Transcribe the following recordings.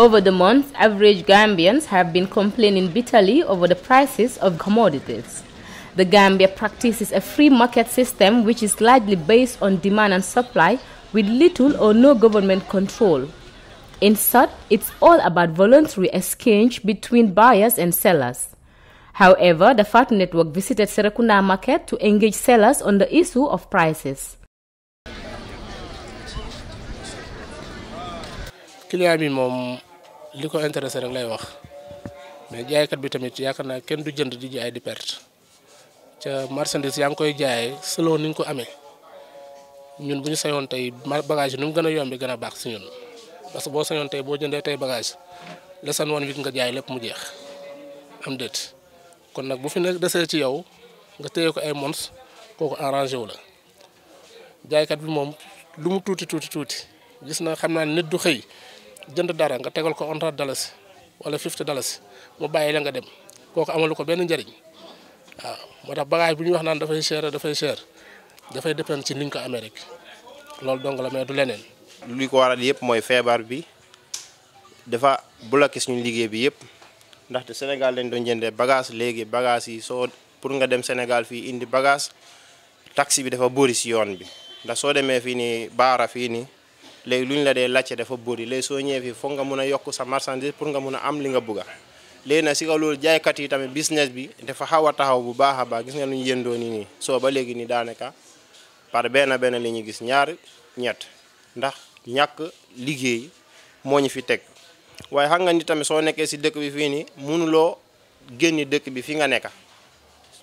Over the months, average Gambians have been complaining bitterly over the prices of commodities. The Gambia practices a free market system which is largely based on demand and supply with little or no government control. In short, it's all about voluntary exchange between buyers and sellers. However, the FAT network visited Serekunda market to engage sellers on the issue of prices. Clearly, li ko intéressé rek lay wax mais jaaykat bi tamit yaakaar naa kenn du jënd di jaay di perte ca marchandise yaa ngi koy jaay selon ni nga ko amee ñun bu ñu sañoon tey bagage yi nu mu gën a yombi gën a baax si ñun parce que boo sañoon tey boo jëndee tey bagage la san woon wit nga jaay lépp mu jeex am déet kon nag bu fi nekk desee ci yow nga tëye ko ay mons kooku arrangé wu la jaaykat bi moom lu mu tuuti tuuti tuuti gis na xam naa nit du xëy jënd dara nga tégal ko 100 dollars wala 50 dollars mu bàyyi la nga dem koku amalu ko benn njëriñ waaw moo tax bagage bu ñuy wax naan da fay cher da fay cher da fay dépendre ci niñ ko amérique lool dong la mais du leneen. li ko waral yépp mooy feebar bi dafa bloqué suñu liggéey bi yépp ndax ndaxte Sénégal lañ doon jëndee bagage léegi bagage yi soo pour nga dem Sénégal fii indi bagage taxi bi dafa bëri si yoon bi ndax soo demee fii nii baara fii nii. léegi lu ñu la dee laajte dafa bëri léegi soo ñëwee fii foog nga mun a yokk sa marchandise pour nga mun a am li nga bugga a léegi nag si kaw loolu jaaykat yi tamit business bi dafa xaw a taxaw bu baax a baax gis nga lu ñu yëndoo nii nii soo ba léegi nii daanaka par benn benn li ñuy gis ñaar ñett ndax ñàkk liggéey moo ñu fi teg waaye xam nga ni tamit soo nekkee si dëkk bi fii nii mënuloo génni dëkk bi fi nga nekka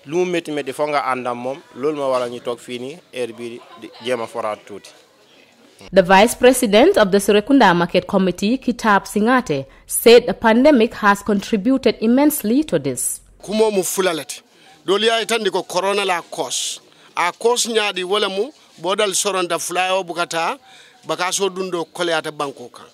lu mu métti métti foog nga àndam moom loolu ma waral ñu toog fii nii heure bii di jéem a foraat tuuti The vice president of the Surekunda Market Committee, Kitab Singate, said the pandemic has contributed immensely to this. Kumo mufulalati. Dolia itandiko corona la kos. A kos nyadi wala mu bodal soronda fulayo bukata bakaso dundo kole ata ka.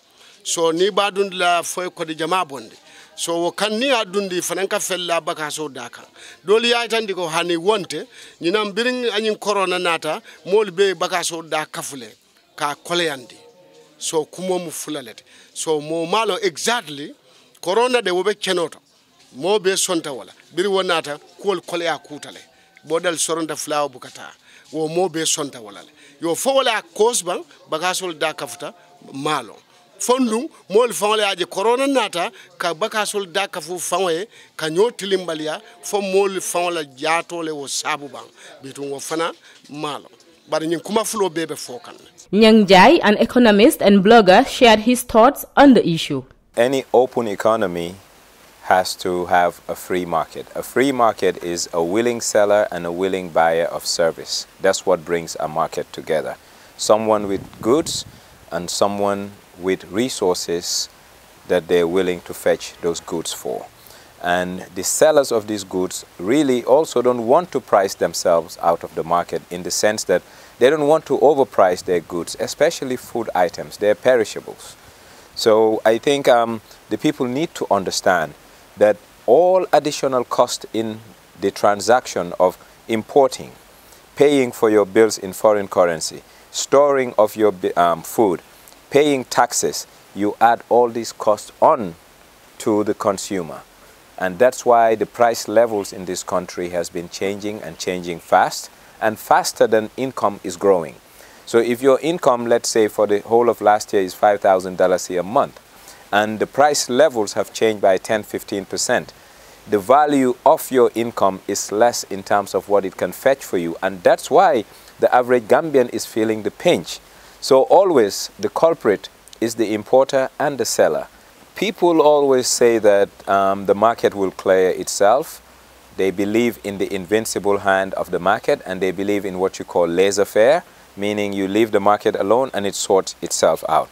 So ni badund la foy kodi jama bondi. so wo kanni ha dundi fananka fella baka so daka Dolia ya ko hani wonte nyina birin anyin corona nata mol be baka so da kafule ka koleyandi so kumomu fulalete so mo malo exactly corona de wobe kenoto mo be sonta wala biri wonata kol koleya kutale bodal soronta fulawa bukata wo mo be sonta wala yo fo wala cause ban bagasol da kafuta malo fondum mool faŋole aje korona nata ka bakasol da kafu faŋo ka ñoo tilimbaliya fo mool faŋo la jaatole wo sabu ban bitum wo fana maalo Nyang Jai, an economist and blogger, shared his thoughts on the issue. Any open economy has to have a free market. A free market is a willing seller and a willing buyer of service. That's what brings a market together. Someone with goods and someone with resources that they're willing to fetch those goods for and the sellers of these goods really also don't want to price themselves out of the market in the sense that they don't want to overprice their goods, especially food items, they're perishables. So I think um, the people need to understand that all additional cost in the transaction of importing, paying for your bills in foreign currency, storing of your um, food, paying taxes, you add all these costs on to the consumer. And that's why the price levels in this country has been changing and changing fast and faster than income is growing. So if your income, let's say for the whole of last year is $5,000 a month and the price levels have changed by 10, 15%, the value of your income is less in terms of what it can fetch for you. And that's why the average Gambian is feeling the pinch. So always the culprit is the importer and the seller. People always say that um, the market will clear itself. They believe in the invincible hand of the market and they believe in what you call laissez-faire, meaning you leave the market alone and it sorts itself out.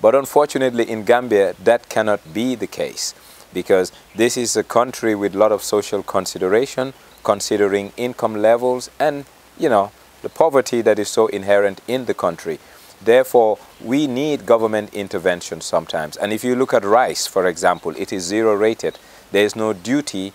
But unfortunately in Gambia, that cannot be the case because this is a country with a lot of social consideration, considering income levels and, you know, the poverty that is so inherent in the country. Therefore, we need government intervention sometimes. And if you look at rice, for example, it is zero rated. There is no duty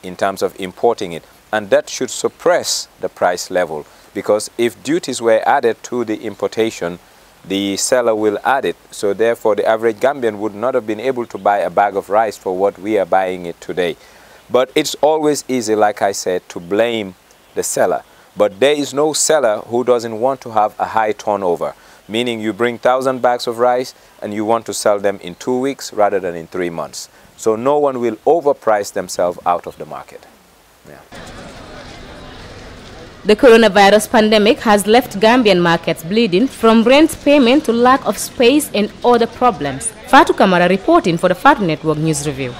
in terms of importing it. And that should suppress the price level because if duties were added to the importation, the seller will add it. So therefore, the average Gambian would not have been able to buy a bag of rice for what we are buying it today. But it's always easy, like I said, to blame the seller. But there is no seller who doesn't want to have a high turnover meaning you bring 1,000 bags of rice and you want to sell them in two weeks rather than in three months. So no one will overprice themselves out of the market. Yeah. The coronavirus pandemic has left Gambian markets bleeding from rent payment to lack of space and other problems. Fatu Kamara reporting for the Fatu Network News Review.